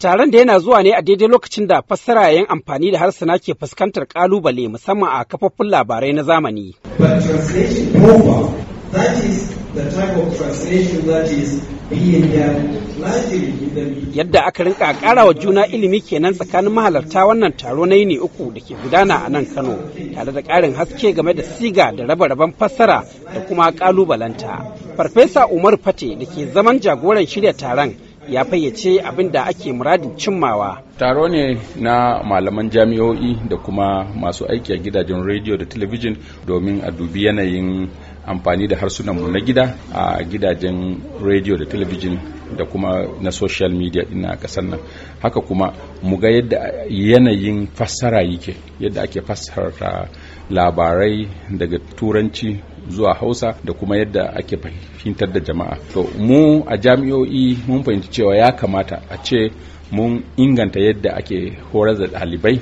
Taron da yana zuwa ne a daidai lokacin da fassara yayin amfani da harsuna ke fuskantar kalubale musamman a kafofin labarai na zamani. Yadda aka rinka wa juna ilimi kenan tsakanin mahalarta wannan taro na yini uku da ke gudana a nan Kano, tare da ƙarin haske game da siga da raba-raban fassara da kuma ƙalubalanta. Farfesa Umar Fate da ke zaman jagoran shirya taron ya fayyace abin da ake muradin cimmawa. Taro ne na malaman jami'o'i da kuma masu aiki a gidajen rediyo da talabijin domin a dubi yanayin amfani da harsunanmu na gida a gidajen rediyo da talabijin da kuma na social media din a kasar nan haka kuma mu ga yadda yanayin fassara yake yadda ake fassara labarai daga turanci zuwa hausa da kuma yadda ake fahimtar da jama'a to mu a jami'o'i mun fahimci cewa ya kamata a ce mun inganta yadda ake horar da ɗalibai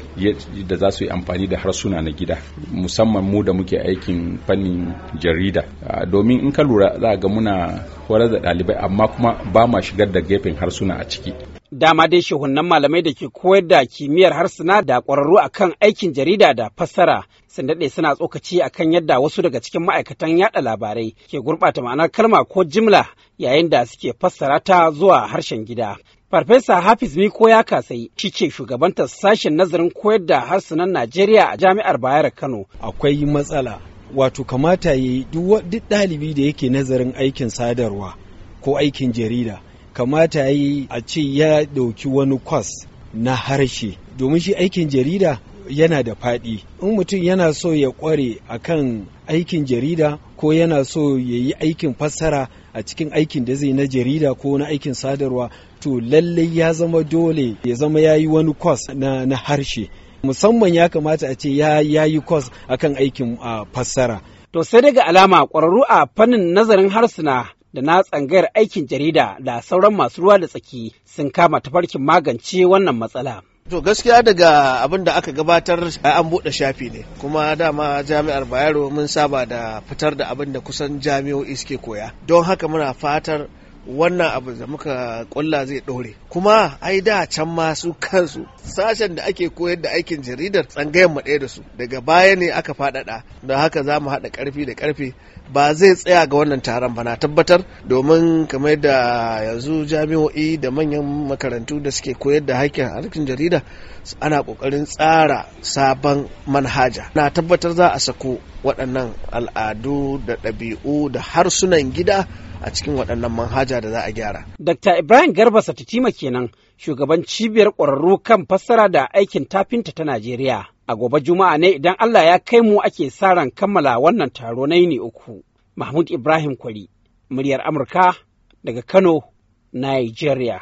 da za su yi amfani da harsuna na gida musamman mu da muke aikin fannin jarida domin in ka lura za ga muna horar da ɗalibai amma kuma ba ma shigar da gefen harsuna a ciki Dama dai shehunan malamai da ke koyar da kimiyyar harsuna da ƙwararru a kan aikin jarida da fassara sun daɗe suna tsokaci a kan yadda wasu daga cikin ma'aikatan yaɗa labarai ke gurɓata ma'anar kalma ko jimla yayin da suke fassara ta zuwa harshen gida. Farfesa Hafiz Miko ya kasai shi ce shugabantar sashen nazarin koyar da harsunan Najeriya a Jami'ar Bayar Kano. Akwai matsala wato kamata ya yi duk ɗalibi da yake nazarin aikin sadarwa ko aikin jarida kamata ya yi a ce ya ɗauki wani kwas na harshe domin shi aikin jarida yana da faɗi in mutum yana so ya ƙware a kan aikin jarida ko yana so ya yi aikin fassara a cikin aikin da zai na jarida ko na aikin sadarwa to lallai ya zama dole ya zama ya yi wani kwas na, na harshe musamman ya kamata a ce ya, yi kwas a kan aikin fassara to sai daga alama ƙwararru a fannin nazarin harsuna da na tsangayar aikin jarida da sauran masu ruwa da tsaki sun kama tafarkin magance wannan matsala. To gaskiya daga abin da aka gabatar an buɗe shafi ne kuma dama jami'ar Bayero mun saba da fitar da abin da kusan jami'o'i suke koya don haka muna fatar wannan abu da muka kulla zai ɗore kuma ai da can ma su kansu sashen da ake koyar da aikin jaridar tsangayen mu ɗaya da su daga baya ne aka faɗaɗa da haka za mu haɗa ƙarfi da ƙarfi ba zai tsaya ga wannan taron ba na tabbatar domin kamar da yanzu jami'o'i da manyan makarantu da suke koyar da hakkin harkin jarida ana ƙoƙarin tsara sabon manhaja na tabbatar za a sako waɗannan al'adu da ɗabi'u da harsunan gida a cikin waɗannan manhaja da za a gyara. Dr. Ibrahim Garba Satitima kenan shugaban cibiyar ƙwararru kan fassara da aikin tafinta ta Najeriya. A gobe Juma'a ne idan Allah ya kai mu ake sa ran kammala wannan taro na yini uku. Mahmud Ibrahim Kwari, muryar Amurka daga Kano, Nigeria.